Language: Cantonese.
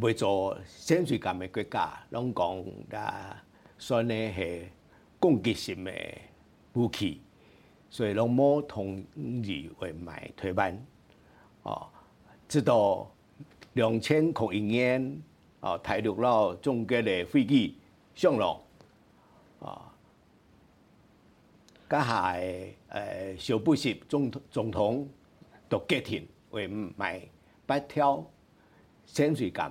袂做潛水艦嘅國家，攏講嘅所以係攻擊性嘅武器，所以攏無同意會賣退版，哦，直到兩千零一年，哦撞入了中國嘅飛機上落，啊，加上誒小布什總總統就決定會唔賣八艘潛水艦。